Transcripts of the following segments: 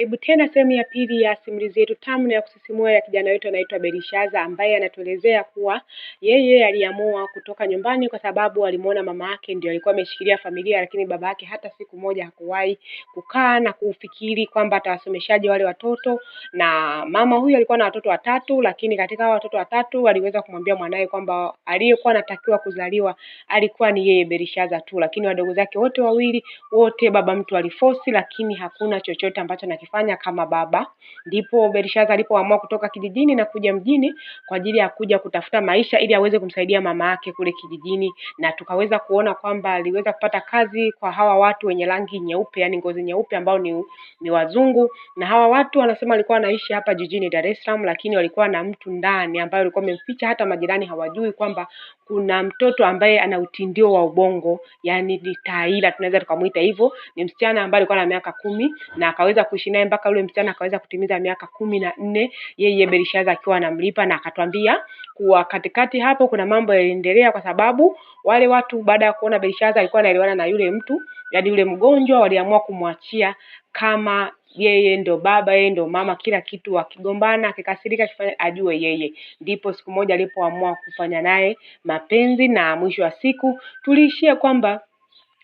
Hebu tena sehemu ya pili ya simulizi yetu tamu na ya kusisimua ya kijana wetu anaitwa Berishaza ambaye anatuelezea kuwa yeye aliamua kutoka nyumbani kwa sababu alimuona mama yake ndio alikuwa ameshikilia familia, lakini baba yake hata siku moja hakuwahi kukaa na kufikiri kwamba atawasomeshaje wale watoto. Na mama huyu alikuwa na watoto watatu, lakini katika hao watoto watatu aliweza kumwambia mwanaye kwamba aliyekuwa anatakiwa kuzaliwa alikuwa ni yeye Belishaza tu, lakini wadogo zake wote wawili wote baba mtu alifosi, lakini hakuna chochote ambacho na anachokifanya kama baba. Ndipo Belshaza alipoamua kutoka kijijini na kuja mjini kwa ajili ya kuja kutafuta maisha ili aweze kumsaidia mama yake kule kijijini, na tukaweza kuona kwamba aliweza kupata kazi kwa hawa watu wenye rangi nyeupe, yani ngozi nyeupe ambao ni, ni wazungu, na hawa watu wanasema walikuwa wanaishi hapa jijini Dar es Salaam, lakini walikuwa na mtu ndani ambaye alikuwa amemficha hata majirani hawajui kwamba kuna mtoto ambaye ana utindio wa ubongo yaani ni taila tunaweza tukamwita hivyo. Ni msichana ambaye alikuwa na miaka kumi na akaweza kuishi naye mpaka yule msichana akaweza kutimiza miaka kumi na nne yeye Belshaza akiwa anamlipa, na akatwambia kuwa katikati hapo kuna mambo yaliendelea, kwa sababu wale watu baada ya kuona Belshaza alikuwa anaelewana na yule mtu, yaani yule mgonjwa, waliamua kumwachia kama yeye ndo baba, yeye ndo mama, kila kitu. Akigombana, akikasirika, akifanya ajue yeye. Ndipo siku moja alipoamua kufanya naye mapenzi, na mwisho wa siku tuliishia kwamba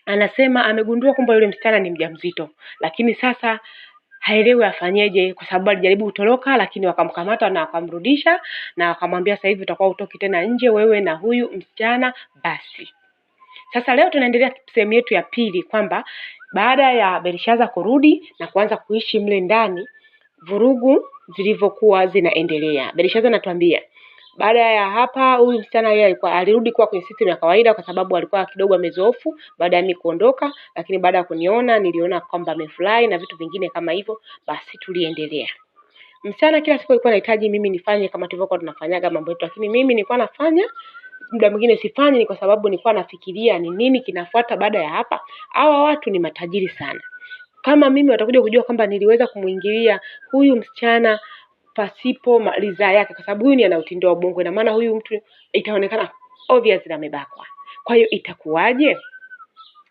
anasema amegundua kwamba yule msichana ni mjamzito, lakini sasa haelewi afanyeje, kwa sababu alijaribu kutoroka, lakini wakamkamata na wakamrudisha na wakamwambia, sasa hivi utakuwa utoki tena nje wewe na huyu msichana basi. Sasa leo tunaendelea sehemu yetu ya pili kwamba baada ya Belshaza kurudi na kuanza kuishi mle ndani, vurugu zilivyokuwa zinaendelea. Belshaza anatuambia baada ya hapa, huyu msichana yeye alikuwa alirudi kuwa kwenye system ya kawaida, kwa sababu alikuwa kidogo amezoofu baada ya mimi kuondoka, lakini baada ya kuniona niliona kwamba amefurahi na vitu vingine kama hivyo, basi tuliendelea. Msichana kila siku alikuwa anahitaji mimi nifanye kama tulivyokuwa tunafanyaga mambo yetu, lakini mimi nilikuwa nafanya muda mwingine sifanyi ni kwa sababu nilikuwa nafikiria ni nini kinafuata baada ya hapa. Hawa watu ni matajiri sana. Kama mimi watakuja kujua kwamba niliweza kumwingilia huyu msichana pasipo ridhaa yake, kwa sababu huyu ni ana utindo wa bongo, ina maana huyu mtu itaonekana obviously amebakwa. Kwa hiyo itakuwaje?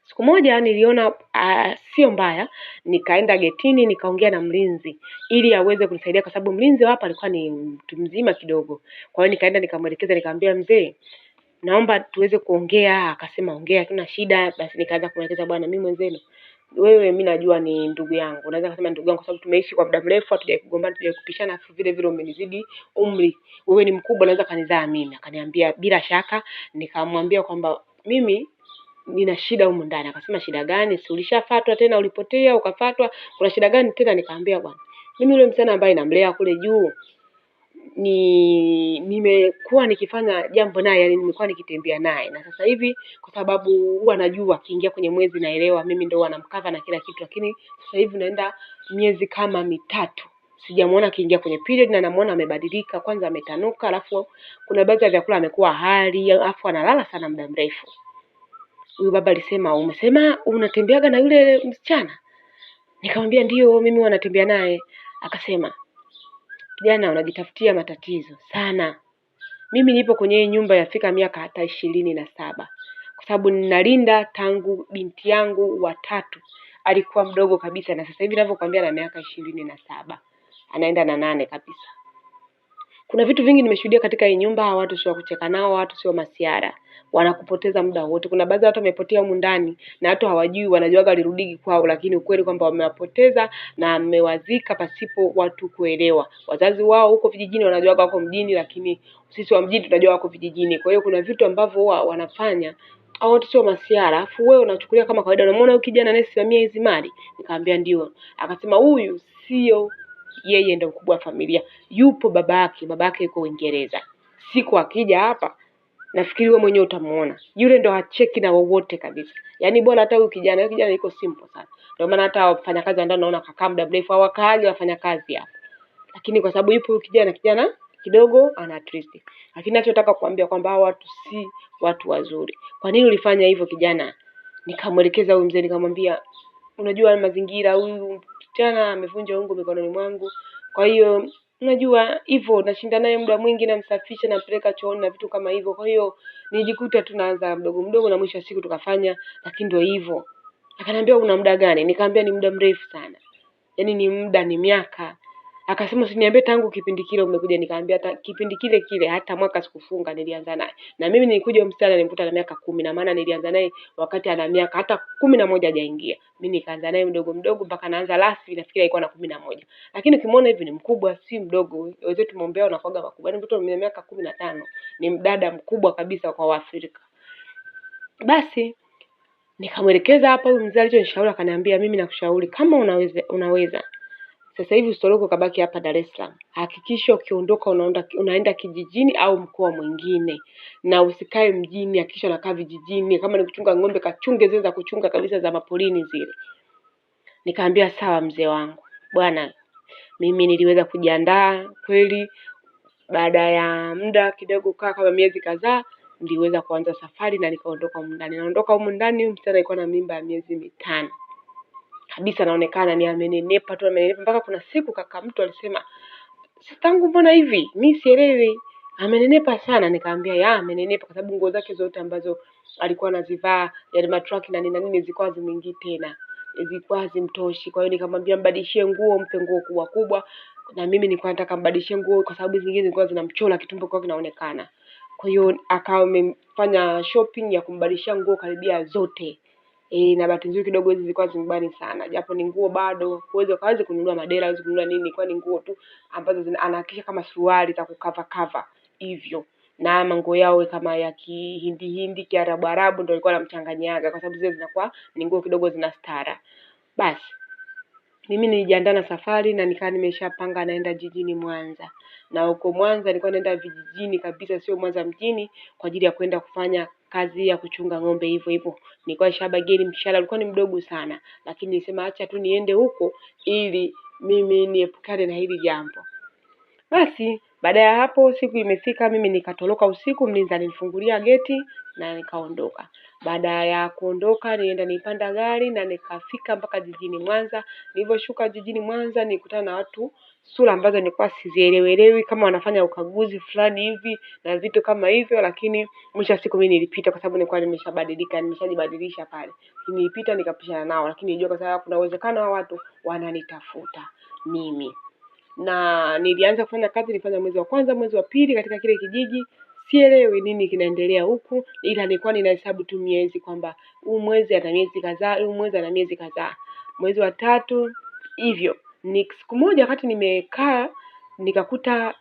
Siku moja niliona uh, sio mbaya, nikaenda getini nikaongea na mlinzi ili aweze kunisaidia, kwa sababu mlinzi hapa alikuwa ni mtu mzima kidogo. Kwa hiyo nikaenda nikamwelekeza, nikamwambia mzee naomba tuweze kuongea, akasema ongea, hakuna shida. Basi nikaanza kumwelekeza bwana, mimi mwenzenu wewe mi najua ni ndugu yangu, naweza kusema ndugu yangu kwa sababu tumeishi kwa muda mrefu, hatujai kugombana, hatujai kupishana, afu vile vile umenizidi umri, wewe ni mkubwa, naweza kanizaa mimi. Akaniambia bila shaka. Nikamwambia kwamba mimi nina shida humu ndani. Akasema shida gani? si ulishafatwa tena, ulipotea ukafatwa, kuna shida gani tena? Nikaambia bwana, mimi yule msichana ambaye namlea kule juu ni nimekuwa nikifanya jambo naye, yani nimekuwa nikitembea naye, na sasa hivi kwa sababu huwa najua akiingia kwenye mwezi naelewa mimi ndio anamkava na kila kitu, lakini sasa hivi unaenda miezi kama mitatu sijamwona akiingia kwenye period na namuona amebadilika, kwanza ametanuka, alafu kuna baadhi ya vyakula amekuwa hali, alafu analala sana muda mrefu. Huyu baba alisema, umesema unatembeaga na yule msichana? Nikamwambia ndio, mimi wanatembea naye. Akasema Vijana wanajitafutia matatizo sana. Mimi nipo kwenye hii nyumba yafika miaka hata ishirini na saba kwa sababu ninalinda tangu binti yangu watatu alikuwa mdogo kabisa, na sasa hivi ninavyokuambia na miaka ishirini na saba anaenda na nane kabisa. Kuna vitu vingi nimeshuhudia katika hii nyumba, watu sio wa kucheka nao, watu sio masiara, wanakupoteza muda wote. Kuna baadhi ya watu wamepotea humu ndani na watu hawajui, wanajuaga walirudi kwao, lakini ukweli kwamba wamewapoteza na amewazika pasipo watu kuelewa. Wazazi wao huko vijijini wanajuaga wako mjini, lakini sisi wa mjini tunajua wako vijijini. Kwa hiyo kuna vitu ambavyo huwa wanafanya au watu sio masiara, afu wewe unachukulia kama kawaida. Unamwona huyu kijana anayesimamia hizi mali? Nikamwambia ndio. Akasema huyu sio yeye ndo mkubwa wa familia. Yupo babake, babake yuko Uingereza. Siku akija hapa nafikiri wewe mwenyewe utamuona, yule ndo hacheki na wowote kabisa. Yaani bora hata huyu kijana, huyu kijana yuko simple sana, ndio maana hata wafanyakazi wa ndani naona kakaa muda mrefu, hawakaaji wafanya kazi hapa, lakini kwa sababu yupo huyu kijana, kijana kidogo ana twist. Lakini nachotaka kuambia kwamba hao watu si watu wazuri. Kwa nini ulifanya hivyo kijana? Nikamwelekeza huyu mzee, nikamwambia unajua mazingira, huyu tena amevunja ungo mikononi mwangu. Kwa hiyo unajua hivyo, nashinda naye muda mwingi, namsafisha, nampeleka chooni na vitu kama hivyo. Kwa hiyo nijikuta tunaanza mdogo mdogo, na mwisho wa siku tukafanya, lakini ndio hivyo. Akaniambia una muda gani? Nikamwambia ni muda mrefu sana, yaani ni muda, ni miaka Akasema usiniambie tangu kipindi kile umekuja. Nikamwambia hata kipindi kile kile, hata mwaka sikufunga, nilianza naye na mimi nilikuja msichana, nilimkuta na miaka kumi na maana nilianza naye wakati ana miaka hata kumi na moja hajaingia. Mimi nikaanza naye mdogo mdogo mpaka naanza rasmi, nafikiri alikuwa na kumi na moja, lakini ukimwona hivi ni mkubwa, si mdogo. Wenzetu muombea wanakuwaga makubwa, ni mtoto mwenye miaka kumi na tano, ni mdada mkubwa kabisa kwa Waafrika. Basi nikamwelekeza hapa, huyu mzee alichonishauri akaniambia, mimi nakushauri kama unaweza, unaweza sasa hivi usitoroke ukabaki hapa Dar es Salaam. Hakikisha ukiondoka unaenda, unaenda kijijini au mkoa mwingine, na usikae mjini. Hakikisha unakaa vijijini. Kama ni kuchunga ng'ombe, kachunge zile za kuchunga kabisa za mapolini zile. Nikaambia sawa, mzee wangu. Bwana, mimi niliweza kujiandaa kweli. Baada ya muda kidogo, kaa kama miezi kadhaa, niliweza kuanza safari na nikaondoka humu ndani. Naondoka humu ndani, huyu msichana alikuwa na mimba ya miezi mitano kabisa, anaonekana ni amenenepa tu, amenenepa mpaka kuna siku kaka mtu alisema tangu mbona hivi, mi sielewi, amenenepa sana. Nikamwambia ya amenenepa kwa sababu nguo zake zote ambazo alikuwa anazivaa yani matraki na nina nini zilikuwa zimeingia tena zilikuwa hazimtoshi. Kwa hiyo nikamwambia mbadilishie nguo, mpe nguo kubwa kubwa, na mimi nilikuwa nataka mbadilishie nguo kwa sababu zingine zilikuwa zinamchola kitumbo kwa kinaonekana. Kwa hiyo akawa amefanya shopping ya kumbadilishia nguo karibia zote, E, na bahati nzuri kidogo hizi zilikuwa zimbani sana, japo ni nguo bado huwezi ukaweze kununua madera, huwezi kununua nini, kwa ni nguo tu ambazo anahakikisha kama suruali za kukava kava hivyo na manguo yao kama ya kihindi hindi kiarabu arabu ndio alikuwa anamchanganyaga kwa sababu zile zinakuwa ni nguo kidogo zina stara basi mimi nilijiandaa na safari na nikawa nimeshapanga naenda jijini Mwanza, na huko Mwanza nilikuwa naenda vijijini kabisa, sio Mwanza mjini, kwa ajili ya kwenda kufanya kazi ya kuchunga ng'ombe hivyo hivyo. Nilikuwa nishabageni mshahara ulikuwa ni mdogo sana, lakini nilisema acha tu niende huko ili mimi niepukane na hili jambo. Basi baada ya hapo, siku imefika, mimi nikatoroka usiku, mlinzi alinifungulia geti na nikaondoka. Baada ya kuondoka nilienda nipanda gari na nikafika mpaka jijini Mwanza. Nilivyoshuka jijini Mwanza nilikutana na watu sura ambazo nilikuwa sizielewelewi kama wanafanya ukaguzi fulani hivi na vitu kama hivyo, lakini mwisho wa siku mimi nilipita kwa sababu nilikuwa nimeshabadilika, nimeshajibadilisha pale. Nilipita nikapishana nao, lakini nilijua kwa sababu kuna uwezekano wa watu wananitafuta mimi na nilianza kufanya kazi, nilifanya mwezi wa kwanza, mwezi wa pili katika kile kijiji sielewi nini kinaendelea huku, ila nilikuwa ninahesabu tu miezi kwamba huu mwezi ana miezi kadhaa, huu mwezi ana miezi kadhaa, mwezi wa tatu hivyo. Ni siku moja wakati nimekaa nikakuta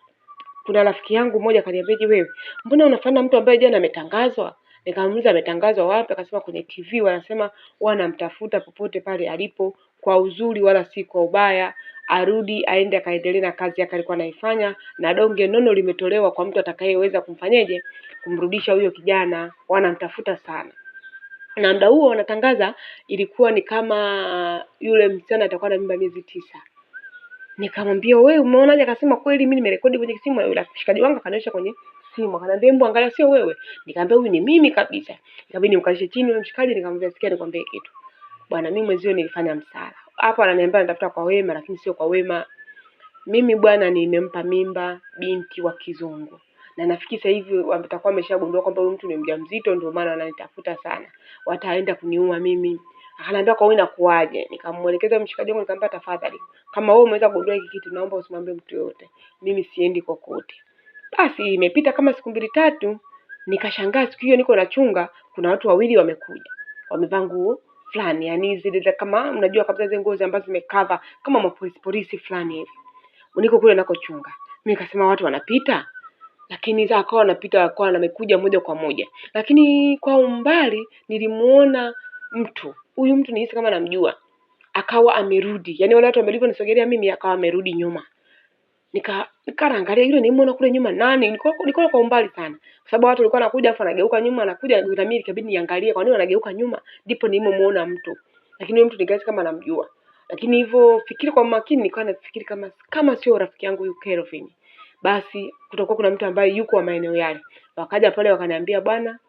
kuna rafiki yangu mmoja akaniambia, je, wewe mbona unafanana mtu ambaye jana ametangazwa? Nikamuuliza ametangazwa wapi? Akasema kwenye TV wanasema wanamtafuta popote pale alipo kwa uzuri wala si kwa ubaya, arudi aende akaendelee na kazi yake alikuwa anaifanya, na donge nono limetolewa kwa mtu atakayeweza kumfanyeje, kumrudisha huyo kijana. Wanamtafuta sana na muda huo wanatangaza, ilikuwa ni kama uh, yule msichana atakuwa na mimba miezi tisa. Nikamwambia wewe umeonaje? Akasema kweli mimi nimerekodi kwenye simu, ya yule shikaji wangu akanionyesha kwenye simu, akaniambia hebu angalia, sio wewe. Nikamwambia huyu ni mimi kabisa, ikabidi nimkalishe chini yule mshikaji, nikamwambia sikia, nikwambie kitu bwana mimi mwenzio nilifanya msala. Hapo ananiambia anatafuta kwa wema, lakini sio kwa wema. Mimi bwana, nimempa mimba binti wa kizungu na nafikiri sasa hivi watakuwa wameshagundua kwamba huyu mtu ni mjamzito, ndio maana wananitafuta sana, wataenda kuniua mimi. Akaniambia kwa wewe inakuaje? Nikamuelekeza mshikaji wangu nikamwambia, tafadhali, kama wewe umeweza kugundua hiki kitu, naomba usimwambie mtu yote, mimi siendi kokote. Basi imepita kama siku mbili tatu, nikashangaa siku hiyo niko nachunga, kuna watu wawili wamekuja, wamevaa nguo fulani, yani zile kama unajua kabisa zile ngozi ambazo zimekava kama mapolisi polisi fulani hivi. Niko kule nakochunga mimi, nikasema watu wanapita, lakini akawa wanapita wakawa namekuja moja kwa moja, lakini kwa umbali nilimuona mtu huyu mtu nihisi kama namjua, akawa amerudi, yani wale watu walivonisogelea mimi akawa amerudi nyuma nika nikaangalia yule nimeona kule nyuma nani, nilikuwa nilikuwa kwa umbali sana, kwa sababu watu walikuwa wanakuja afu anageuka nyuma, anakuja na mimi ikabidi niangalie kwa nini anageuka nyuma, ndipo nilimuona mtu, lakini yule mtu nikaisi kama namjua, lakini hivyo fikiri kwa makini, nikawa nafikiri kama kama sio rafiki yangu yule Kelvin, basi kutakuwa kuna mtu ambaye yuko wa maeneo yale. Wakaja pale wakaniambia, bwana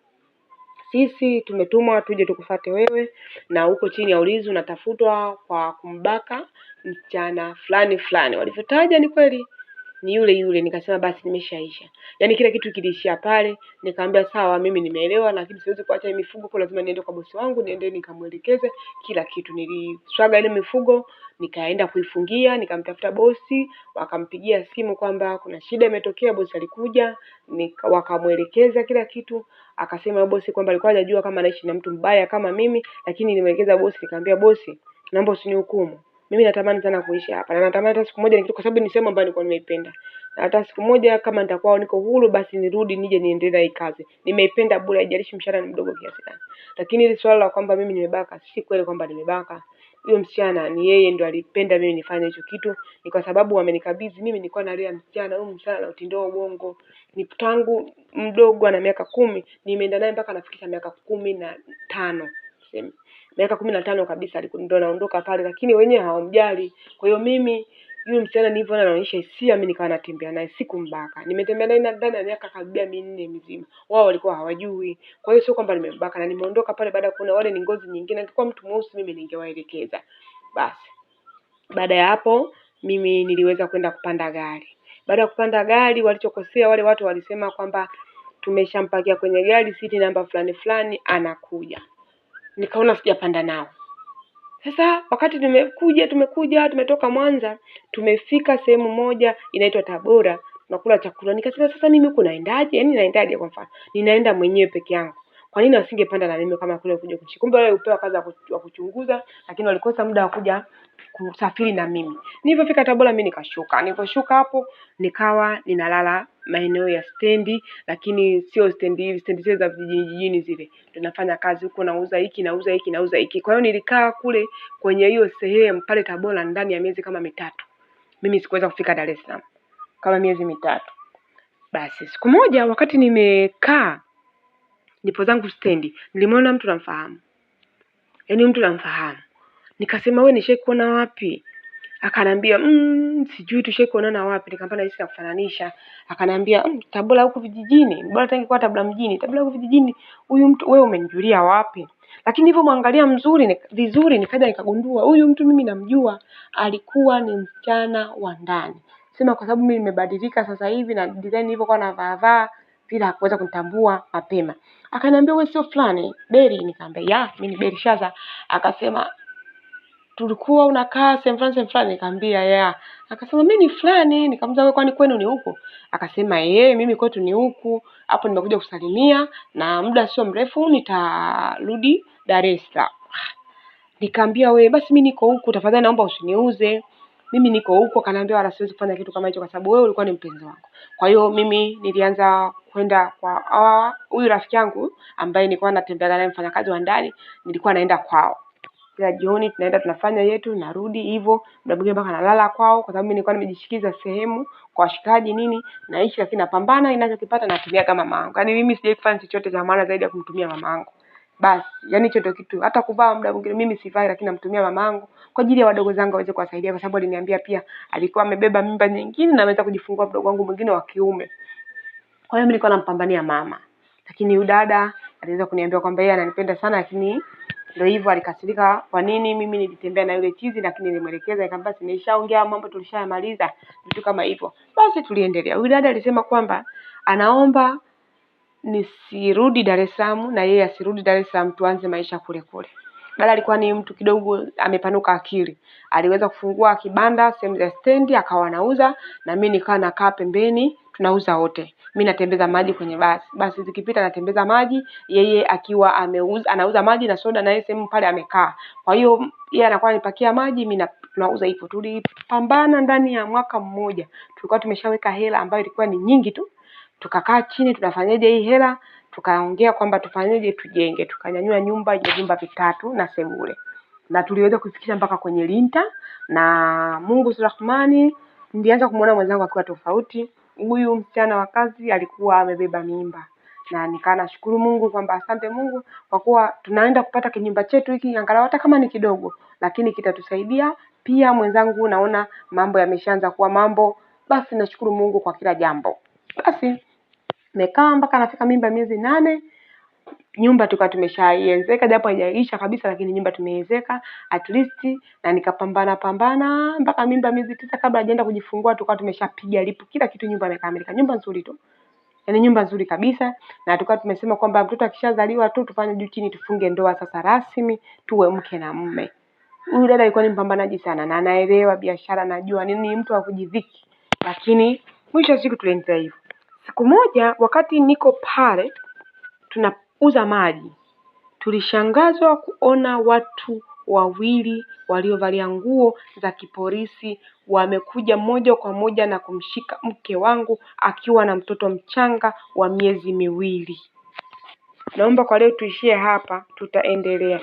sisi tumetumwa tuje tukufate wewe, na huko chini ya ulinzi unatafutwa kwa kumbaka msichana fulani fulani, walivyotaja ni kweli ni yule yule. Nikasema basi nimeshaisha, yani kila kitu kiliishia pale. Nikamwambia sawa, mimi nimeelewa, lakini siwezi kuacha hii mifugo kwa, lazima niende kwa bosi wangu, niende nikamwelekeze kila kitu. Niliswaga ile mifugo, nikaenda kuifungia, nikamtafuta bosi, wakampigia simu kwamba kuna shida imetokea, bosi alikuja, wakamwelekeza kila kitu. Akasema bosi kwamba alikuwa hajajua kama anaishi na mtu mbaya kama mimi, lakini nilimwelekeza bosi, nikamwambia bosi, naomba usinihukumu mimi natamani sana kuishi hapa na natamani hata siku moja nikitoka, kwa sababu ni sehemu ambayo nilikuwa nimeipenda, na hata siku moja kama nitakuwa niko huru, basi nirudi nije niendelee hii kazi. Nimeipenda bure, haijalishi mshahara ni mdogo kiasi gani. Lakini ile swala la kwamba mimi nimebaka, si kweli kwamba nimebaka. Huyo msichana ni yeye ndo alipenda mimi nifanye hicho kitu, ni kwa sababu amenikabidhi mimi. Nilikuwa nalea msichana huyo, msichana na utindoo ubongo, ni tangu mdogo ana miaka kumi, nimeenda naye mpaka anafikisha miaka kumi na tano tuseme miaka kumi na tano kabisa ndo naondoka pale, lakini wenyewe hawamjali. Kwa hiyo mimi yule msichana nilivyoona anaonyesha hisia, mimi nikawa natembea naye, sikumbaka. Nimetembea naye ndani ya miaka karibia minne mizima, wao walikuwa hawajui. Kwa hiyo sio kwamba nimembaka, na nimeondoka pale baada ya kuona wale ni ngozi nyingine. Angekuwa mtu mweusi, mimi ningewaelekeza. Basi baada ya hapo, mimi niliweza kwenda kupanda gari. Baada ya kupanda gari, walichokosea wale watu walisema kwamba tumeshampakia kwenye gari, siti namba fulani fulani, anakuja nikaona sijapanda nao. Sasa wakati tumekuja tumekuja tumetoka Mwanza tumefika sehemu moja inaitwa Tabora, tunakula chakula, nikasema sasa mimi huku naendaje? Yaani naendaje? Kwa mfano ninaenda mwenyewe peke yangu, kwa nini wasingepanda na mimi kama kule kuja kuishi? Kumbe wale upewa kazi ya kuchunguza, lakini walikosa muda wa kuja kusafiri na mimi. Nilipofika Tabora mimi nikashuka. Niliposhuka hapo nikawa ninalala maeneo ya stendi, lakini sio stendi hivi, stendi zile za vijijini jijini zile. Tunafanya kazi huko, nauza hiki, nauza hiki, nauza hiki. Kwa hiyo nilikaa kule kwenye hiyo sehemu pale Tabora ndani ya miezi kama mitatu. Mimi sikuweza kufika Dar es Salaam kama miezi mitatu. Basi siku moja wakati nimekaa nipo zangu stendi, nilimwona mtu namfahamu, yaani mtu namfahamu. Nikasema wewe nishai kuona wapi? Akanambia mmm, sijui tushai kuonana wapi. Nikamwambia nahisi nakufananisha. Akanambia mmm, Tabora huko vijijini, bora tangi kwa Tabora mjini, Tabora huko vijijini. Huyu mtu wewe umenijulia wapi? Lakini hivyo mwangalia mzuri vizuri, nikaja nikagundua huyu mtu mimi namjua, alikuwa ni msichana wa ndani. Sema kwa sababu mimi nimebadilika sasa hivi na design nilivyokuwa navaavaa vile hakuweza kunitambua mapema. Akaniambia wewe sio fulani Beri? Nikamwambia ya mimi ni Beri Shaza. Akasema tulikuwa unakaa sehemu fulani sehemu fulani, nikamwambia ya. Akasema mimi ni fulani, nikamza wewe, kwani kwenu ni huko? Akasema yeye, mimi kwetu ni huku, hapo nimekuja kusalimia na muda sio mrefu nitarudi Dar es Salaam. Nikamwambia wewe, basi mimi niko huku, tafadhali naomba usiniuze mimi niko huko, kanaambia wala siwezi kufanya kitu kama hicho kwa sababu wewe ulikuwa ni mpenzi wangu. Kwa hiyo mimi nilianza kwenda kwa huyu rafiki yangu ambaye nilikuwa natembea naye, mfanyakazi wa ndani, nilikuwa naenda kwao kila jioni tunaenda tunafanya yetu, narudi hivyo, muda mwingine mpaka nalala kwao, kwa sababu mimi nilikuwa nimejishikiza sehemu kwa washikaji nini, naishi lakini napambana, ninachokipata natumia kama mama yangu. Yaani mimi sijai kufanya chochote cha maana zaidi ya kumtumia mama yangu basi. yani hicho ndio kitu. Hata kuvaa muda mwingine mimi sivai, lakini namtumia mamangu kwa ajili ya wadogo zangu waweze kuwasaidia, kwa sababu aliniambia pia alikuwa amebeba mimba nyingine na ameweza kujifungua mdogo wangu mwingine wa kiume. Kwa hiyo mimi nilikuwa nampambania mama, lakini huyu dada aliweza kuniambia kwamba yeye ananipenda sana, lakini ndio hivyo, alikasirika. Kwa nini mimi nilitembea na yule chizi? Lakini nilimwelekeza, nikamwambia si nishaongea mambo, tulishayamaliza, vitu kama hivyo. Basi tuliendelea. Huyu dada alisema kwamba anaomba nisirudi Dar es Salaam na yeye asirudi Dar es Salaam, tuanze maisha kule kule. Dada alikuwa ni mtu kidogo amepanuka akili, aliweza kufungua kibanda sehemu za stendi akawa anauza, na mimi nikawa nakaa pembeni, tunauza wote. Mimi natembeza maji kwenye basi, basi zikipita natembeza maji, yeye akiwa ameuza, anauza maji na soda, na yeye sehemu pale amekaa. Kwa hiyo yeye anakuwa anipakia maji, mimi tunauza. Hivyo tulipambana ndani ya mwaka mmoja, tulikuwa tumeshaweka hela ambayo ilikuwa ni nyingi tu tukakaa chini tunafanyaje hii hela, tukaongea kwamba tufanyeje tujenge, tukanyanyua nyumba ya vyumba vitatu na sebule, na tuliweza kufikisha mpaka kwenye linta, na Mungu Rahmani, nilianza kumwona mwenzangu akiwa tofauti. Huyu msichana wa kazi alikuwa amebeba mimba na nikaa nashukuru Mungu kwamba asante Mungu kwa kuwa tunaenda kupata kinyumba chetu hiki, angalau hata kama ni kidogo, lakini kitatusaidia pia. Mwenzangu naona mambo yameshaanza kuwa mambo, basi nashukuru Mungu kwa kila jambo. Basi nimekaa mpaka nafika mimba miezi nane nyumba tukawa tumeshaiezeka japo haijaisha kabisa, lakini nyumba tumeiezeka at least, na nikapambana pambana mpaka mimba miezi tisa kabla hajaenda kujifungua, tukawa tumeshapiga lipu kila kitu, nyumba imekamilika, nyumba nzuri tu, yaani nyumba nzuri kabisa. Na tukawa tumesema kwamba mtoto akishazaliwa tu tufanye juu chini, tufunge ndoa sasa rasmi, tuwe mke na mume. Huyu dada alikuwa ni mpambanaji sana, na anaelewa biashara, najua nini, mtu wa kujidhiki, lakini mwisho wa siku tulienda hivyo. Siku moja wakati niko pale tunauza maji, tulishangazwa kuona watu wawili waliovalia nguo za kipolisi wamekuja moja kwa moja na kumshika mke wangu akiwa na mtoto mchanga wa miezi miwili. Naomba kwa leo tuishie hapa, tutaendelea.